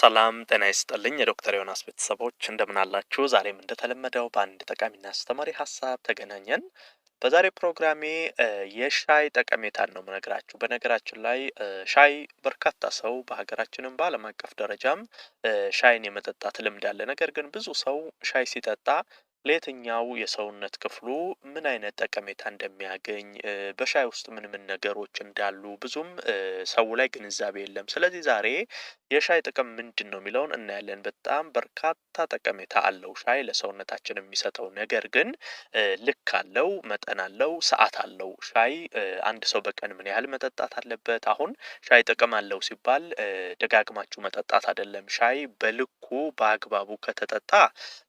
ሰላም ጤና ይስጥልኝ የዶክተር ዮናስ ቤተሰቦች እንደምን አላችሁ? ዛሬም እንደተለመደው በአንድ ጠቃሚና አስተማሪ ሀሳብ ተገናኘን። በዛሬ ፕሮግራሜ የሻይ ጠቀሜታን ነው የምነግራችሁ። በነገራችን ላይ ሻይ በርካታ ሰው በሀገራችንም በዓለም አቀፍ ደረጃም ሻይን የመጠጣት ልምድ አለ። ነገር ግን ብዙ ሰው ሻይ ሲጠጣ ለየትኛው የሰውነት ክፍሉ ምን አይነት ጠቀሜታ እንደሚያገኝ በሻይ ውስጥ ምን ምን ነገሮች እንዳሉ ብዙም ሰው ላይ ግንዛቤ የለም። ስለዚህ ዛሬ የሻይ ጥቅም ምንድን ነው የሚለውን እናያለን። በጣም በርካታ ጠቀሜታ አለው ሻይ ለሰውነታችን የሚሰጠው ነገር ግን ልክ አለው፣ መጠን አለው፣ ሰዓት አለው። ሻይ አንድ ሰው በቀን ምን ያህል መጠጣት አለበት? አሁን ሻይ ጥቅም አለው ሲባል ደጋግማችሁ መጠጣት አይደለም። ሻይ በልኩ በአግባቡ ከተጠጣ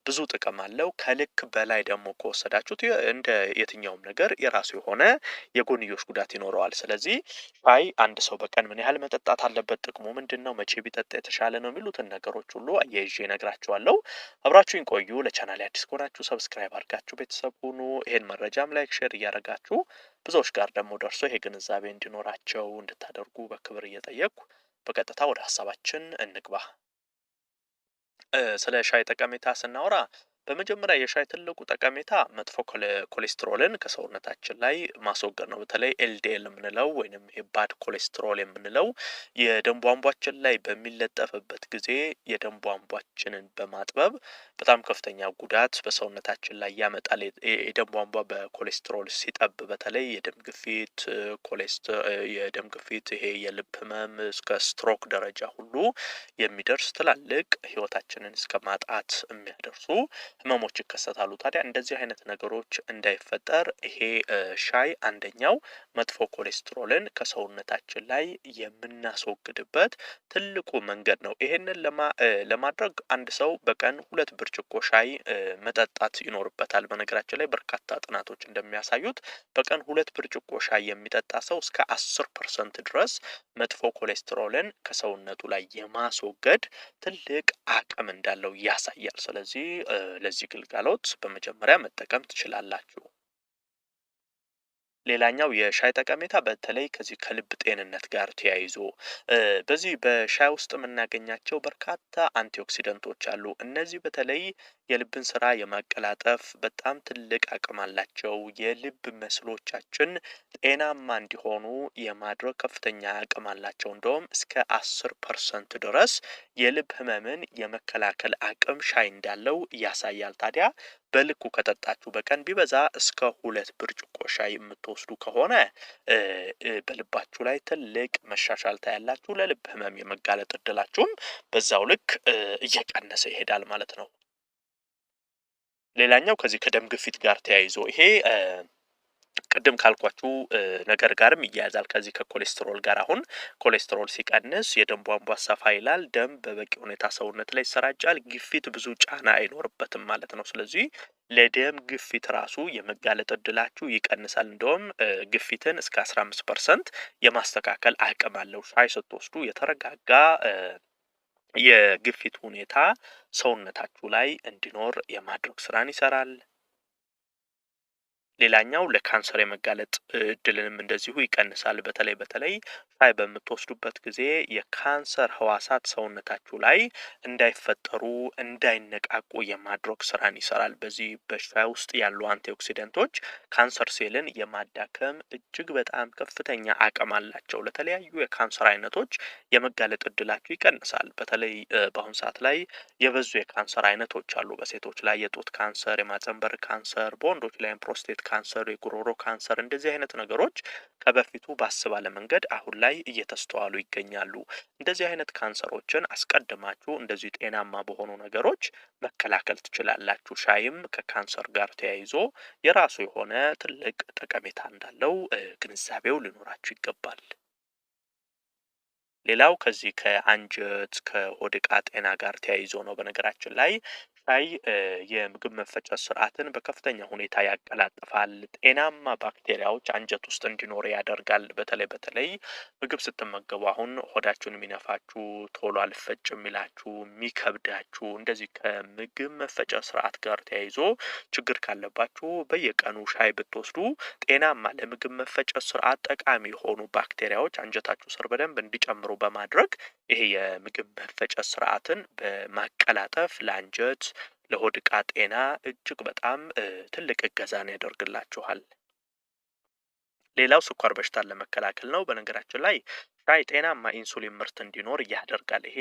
ብዙ ጥቅም አለው ከል ልክ በላይ ደግሞ ከወሰዳችሁት እንደ የትኛውም ነገር የራሱ የሆነ የጎንዮሽ ጉዳት ይኖረዋል። ስለዚህ ሻይ አንድ ሰው በቀን ምን ያህል መጠጣት አለበት፣ ጥቅሙ ምንድን ነው፣ መቼ ቢጠጣ የተሻለ ነው የሚሉትን ነገሮች ሁሉ አያይዤ እነግራችኋለሁ። አብራችሁኝ ቆዩ። ለቻናል አዲስ ከሆናችሁ ሰብስክራይብ አድርጋችሁ ቤተሰብ ሁኑ። ይሄን መረጃም ላይክ፣ ሼር እያደረጋችሁ ብዙዎች ጋር ደግሞ ደርሶ ይሄ ግንዛቤ እንዲኖራቸው እንድታደርጉ በክብር እየጠየቅኩ በቀጥታ ወደ ሀሳባችን እንግባ። ስለ ሻይ ጠቀሜታ ስናወራ በመጀመሪያ የሻይ ትልቁ ጠቀሜታ መጥፎ ኮሌስትሮልን ከሰውነታችን ላይ ማስወገድ ነው። በተለይ ኤልዲኤል የምንለው ወይንም ባድ ኮሌስትሮል የምንለው የደም ቧንቧችን ላይ በሚለጠፍበት ጊዜ የደም ቧንቧችንን በማጥበብ በጣም ከፍተኛ ጉዳት በሰውነታችን ላይ ያመጣል። የደም ቧንቧ በኮሌስትሮል ሲጠብ በተለይ የደም ግፊት የደም ግፊት ይሄ የልብ ህመም እስከ ስትሮክ ደረጃ ሁሉ የሚደርስ ትላልቅ ህይወታችንን እስከ ማጣት የሚያደርሱ ህመሞች ይከሰታሉ። ታዲያ እንደዚህ አይነት ነገሮች እንዳይፈጠር ይሄ ሻይ አንደኛው መጥፎ ኮሌስትሮልን ከሰውነታችን ላይ የምናስወግድበት ትልቁ መንገድ ነው። ይሄንን ለማድረግ አንድ ሰው በቀን ሁለት ብርጭቆ ሻይ መጠጣት ይኖርበታል። በነገራችን ላይ በርካታ ጥናቶች እንደሚያሳዩት በቀን ሁለት ብርጭቆ ሻይ የሚጠጣ ሰው እስከ አስር ፐርሰንት ድረስ መጥፎ ኮሌስትሮልን ከሰውነቱ ላይ የማስወገድ ትልቅ አቅም እንዳለው ያሳያል። ስለዚህ ለዚህ ግልጋሎት በመጀመሪያ መጠቀም ትችላላችሁ። ሌላኛው የሻይ ጠቀሜታ በተለይ ከዚህ ከልብ ጤንነት ጋር ተያይዞ በዚህ በሻይ ውስጥ የምናገኛቸው በርካታ አንቲኦክሲደንቶች አሉ። እነዚህ በተለይ የልብን ስራ የማቀላጠፍ በጣም ትልቅ አቅም አላቸው። የልብ መስሎቻችን ጤናማ እንዲሆኑ የማድረግ ከፍተኛ አቅም አላቸው። እንደውም እስከ አስር ፐርሰንት ድረስ የልብ ህመምን የመከላከል አቅም ሻይ እንዳለው ያሳያል። ታዲያ በልኩ ከጠጣችሁ በቀን ቢበዛ እስከ ሁለት ብርጭቆ ሻይ የምትወስዱ ከሆነ በልባችሁ ላይ ትልቅ መሻሻል ታያላችሁ። ለልብ ህመም የመጋለጥ እድላችሁም በዛው ልክ እየቀነሰ ይሄዳል ማለት ነው። ሌላኛው ከዚህ ከደም ግፊት ጋር ተያይዞ ይሄ ቅድም ካልኳችሁ ነገር ጋርም ይያያዛል። ከዚህ ከኮሌስትሮል ጋር አሁን ኮሌስትሮል ሲቀንስ የደም ቧንቧ ሰፋ ይላል። ደም በበቂ ሁኔታ ሰውነት ላይ ይሰራጫል። ግፊት ብዙ ጫና አይኖርበትም ማለት ነው። ስለዚህ ለደም ግፊት ራሱ የመጋለጥ እድላችሁ ይቀንሳል። እንደውም ግፊትን እስከ አስራ አምስት ፐርሰንት የማስተካከል አቅም አለው። ሻይ ስትወስዱ የተረጋጋ የግፊት ሁኔታ ሰውነታችሁ ላይ እንዲኖር የማድረግ ስራን ይሰራል። ሌላኛው ለካንሰር የመጋለጥ እድልንም እንደዚሁ ይቀንሳል። በተለይ በተለይ ሻይ በምትወስዱበት ጊዜ የካንሰር ህዋሳት ሰውነታችሁ ላይ እንዳይፈጠሩ እንዳይነቃቁ የማድረግ ስራን ይሰራል። በዚህ በሻይ ውስጥ ያሉ አንቲኦክሲደንቶች ካንሰር ሴልን የማዳከም እጅግ በጣም ከፍተኛ አቅም አላቸው። ለተለያዩ የካንሰር አይነቶች የመጋለጥ እድላችሁ ይቀንሳል። በተለይ በአሁኑ ሰዓት ላይ የበዙ የካንሰር አይነቶች አሉ። በሴቶች ላይ የጡት ካንሰር፣ የማጸንበር ካንሰር፣ በወንዶች ላይም ፕሮስቴት ካንሰር፣ የጉሮሮ ካንሰር እንደዚህ አይነት ነገሮች ከበፊቱ ባስባለ መንገድ አሁን ላይ እየተስተዋሉ ይገኛሉ። እንደዚህ አይነት ካንሰሮችን አስቀድማችሁ እንደዚህ ጤናማ በሆኑ ነገሮች መከላከል ትችላላችሁ። ሻይም ከካንሰር ጋር ተያይዞ የራሱ የሆነ ትልቅ ጠቀሜታ እንዳለው ግንዛቤው ሊኖራችሁ ይገባል። ሌላው ከዚህ ከአንጀት ከሆድ ጤና ጋር ተያይዞ ነው። በነገራችን ላይ ሲታይ የምግብ መፈጨት ስርዓትን በከፍተኛ ሁኔታ ያቀላጥፋል። ጤናማ ባክቴሪያዎች አንጀት ውስጥ እንዲኖር ያደርጋል። በተለይ በተለይ ምግብ ስትመገቡ አሁን ሆዳችሁን የሚነፋችሁ፣ ቶሎ አልፈጭ የሚላችሁ፣ የሚከብዳችሁ እንደዚህ ከምግብ መፈጨት ስርዓት ጋር ተያይዞ ችግር ካለባችሁ በየቀኑ ሻይ ብትወስዱ ጤናማ ለምግብ መፈጨት ስርዓት ጠቃሚ የሆኑ ባክቴሪያዎች አንጀታችሁ ስር በደንብ እንዲጨምሩ በማድረግ ይሄ የምግብ መፈጨት ስርዓትን በማቀላጠፍ ለአንጀት፣ ለሆድ ዕቃ ጤና እጅግ በጣም ትልቅ እገዛን ያደርግላችኋል። ሌላው ስኳር በሽታን ለመከላከል ነው። በነገራችን ላይ ሻይ ጤናማ ኢንሱሊን ምርት እንዲኖር ያደርጋል። ይሄ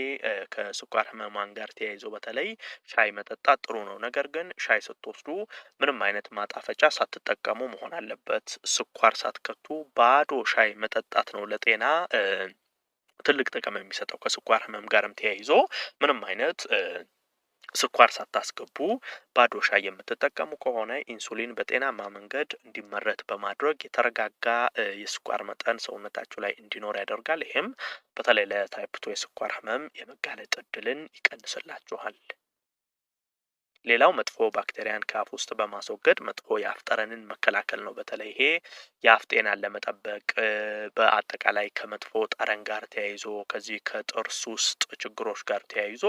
ከስኳር ህመማን ጋር ተያይዞ በተለይ ሻይ መጠጣት ጥሩ ነው። ነገር ግን ሻይ ስትወስዱ ምንም አይነት ማጣፈጫ ሳትጠቀሙ መሆን አለበት። ስኳር ሳትከቱ ባዶ ሻይ መጠጣት ነው ለጤና ትልቅ ጥቅም የሚሰጠው ከስኳር ህመም ጋርም ተያይዞ ምንም አይነት ስኳር ሳታስገቡ ባዶ ሻይ የምትጠቀሙ ከሆነ ኢንሱሊን በጤናማ መንገድ እንዲመረት በማድረግ የተረጋጋ የስኳር መጠን ሰውነታችሁ ላይ እንዲኖር ያደርጋል። ይህም በተለይ ለታይፕቶ የስኳር ህመም የመጋለጥ እድልን ይቀንስላችኋል። ሌላው መጥፎ ባክቴሪያን ከአፍ ውስጥ በማስወገድ መጥፎ የአፍ ጠረንን መከላከል ነው። በተለይ ይሄ የአፍ ጤናን ለመጠበቅ በአጠቃላይ ከመጥፎ ጠረን ጋር ተያይዞ ከዚህ ከጥርስ ውስጥ ችግሮች ጋር ተያይዞ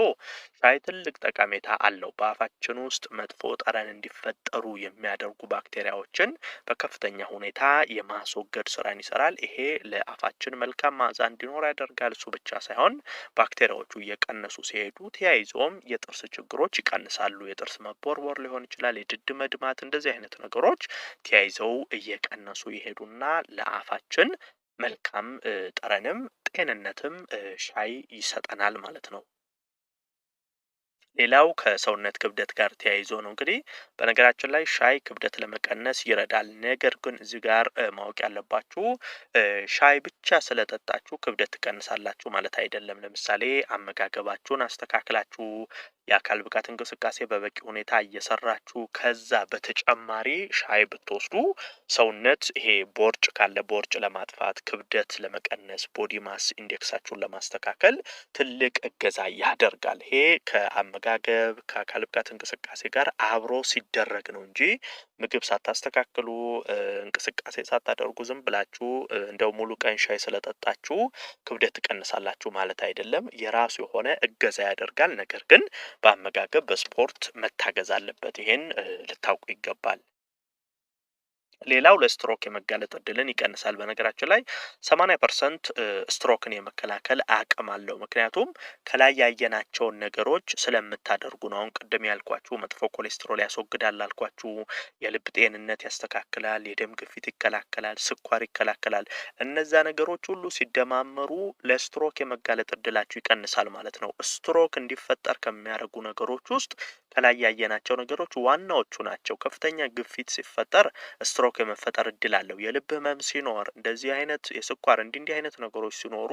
ሻይ ትልቅ ጠቀሜታ አለው። በአፋችን ውስጥ መጥፎ ጠረን እንዲፈጠሩ የሚያደርጉ ባክቴሪያዎችን በከፍተኛ ሁኔታ የማስወገድ ስራን ይሰራል። ይሄ ለአፋችን መልካም ማዛ እንዲኖር ያደርጋል። እሱ ብቻ ሳይሆን ባክቴሪያዎቹ እየቀነሱ ሲሄዱ ተያይዞም የጥርስ ችግሮች ይቀንሳሉ። ጥርስ መቦርቦር ሊሆን ይችላል፣ የድድ መድማት፣ እንደዚህ አይነት ነገሮች ተያይዘው እየቀነሱ ይሄዱና ለአፋችን መልካም ጠረንም ጤንነትም ሻይ ይሰጠናል ማለት ነው። ሌላው ከሰውነት ክብደት ጋር ተያይዞ ነው። እንግዲህ በነገራችን ላይ ሻይ ክብደት ለመቀነስ ይረዳል። ነገር ግን እዚህ ጋር ማወቅ ያለባችሁ ሻይ ብቻ ስለጠጣችሁ ክብደት ትቀንሳላችሁ ማለት አይደለም። ለምሳሌ አመጋገባችሁን አስተካክላችሁ የአካል ብቃት እንቅስቃሴ በበቂ ሁኔታ እየሰራችሁ ከዛ በተጨማሪ ሻይ ብትወስዱ ሰውነት ይሄ ቦርጭ ካለ ቦርጭ ለማጥፋት ክብደት ለመቀነስ ቦዲ ማስ ኢንዴክሳችሁን ለማስተካከል ትልቅ እገዛ ያደርጋል። ይሄ ከአመጋገብ ከአካል ብቃት እንቅስቃሴ ጋር አብሮ ሲደረግ ነው እንጂ ምግብ ሳታስተካክሉ እንቅስቃሴ ሳታደርጉ ዝም ብላችሁ እንደው ሙሉ ቀን ሻይ ስለጠጣችሁ ክብደት ትቀንሳላችሁ ማለት አይደለም። የራሱ የሆነ እገዛ ያደርጋል። ነገር ግን በአመጋገብ፣ በስፖርት መታገዝ አለበት። ይሄን ልታውቁ ይገባል። ሌላው ለስትሮክ የመጋለጥ እድልን ይቀንሳል። በነገራችን ላይ 80 ፐርሰንት ስትሮክን የመከላከል አቅም አለው። ምክንያቱም ከላይ ያየናቸውን ነገሮች ስለምታደርጉ ነው። አሁን ቅድም ያልኳችሁ መጥፎ ኮሌስትሮል ያስወግዳል አልኳችሁ፣ የልብ ጤንነት ያስተካክላል፣ የደም ግፊት ይከላከላል፣ ስኳር ይከላከላል። እነዛ ነገሮች ሁሉ ሲደማመሩ ለስትሮክ የመጋለጥ እድላችሁ ይቀንሳል ማለት ነው። ስትሮክ እንዲፈጠር ከሚያደርጉ ነገሮች ውስጥ ከላይ ያየናቸው ነገሮች ዋናዎቹ ናቸው። ከፍተኛ ግፊት ሲፈጠር ስትሮክ ሮክ የመፈጠር እድል አለው። የልብ ህመም ሲኖር እንደዚህ አይነት የስኳር እንዲ እንዲህ አይነት ነገሮች ሲኖሩ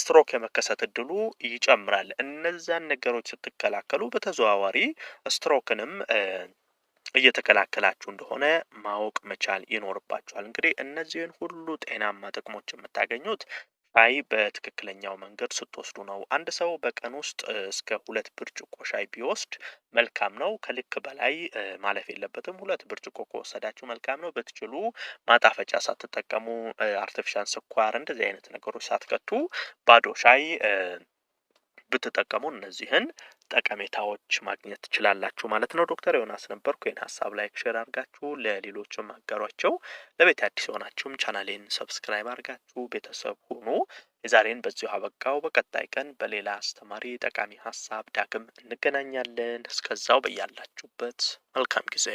ስትሮክ የመከሰት እድሉ ይጨምራል። እነዛን ነገሮች ስትከላከሉ በተዘዋዋሪ ስትሮክንም እየተከላከላችሁ እንደሆነ ማወቅ መቻል ይኖርባችኋል። እንግዲህ እነዚህን ሁሉ ጤናማ ጥቅሞች የምታገኙት ሻይ በትክክለኛው መንገድ ስትወስዱ ነው። አንድ ሰው በቀን ውስጥ እስከ ሁለት ብርጭቆ ሻይ ቢወስድ መልካም ነው። ከልክ በላይ ማለፍ የለበትም። ሁለት ብርጭቆ ከወሰዳችሁ መልካም ነው። ብትችሉ ማጣፈጫ ሳትጠቀሙ፣ አርቲፊሻል ስኳር፣ እንደዚህ አይነት ነገሮች ሳትከቱ ባዶ ሻይ ብትጠቀሙ እነዚህን ጠቀሜታዎች ማግኘት ትችላላችሁ ማለት ነው። ዶክተር ዮናስ ነበርኩ። ይህን ሀሳብ ላይክ፣ ሼር አድርጋችሁ ለሌሎችም አጋሯቸው። ለቤት አዲስ የሆናችሁም ቻናሌን ሰብስክራይብ አድርጋችሁ ቤተሰብ ሁኑ። የዛሬን በዚሁ አበቃው። በቀጣይ ቀን በሌላ አስተማሪ ጠቃሚ ሀሳብ ዳግም እንገናኛለን። እስከዛው በያላችሁበት መልካም ጊዜ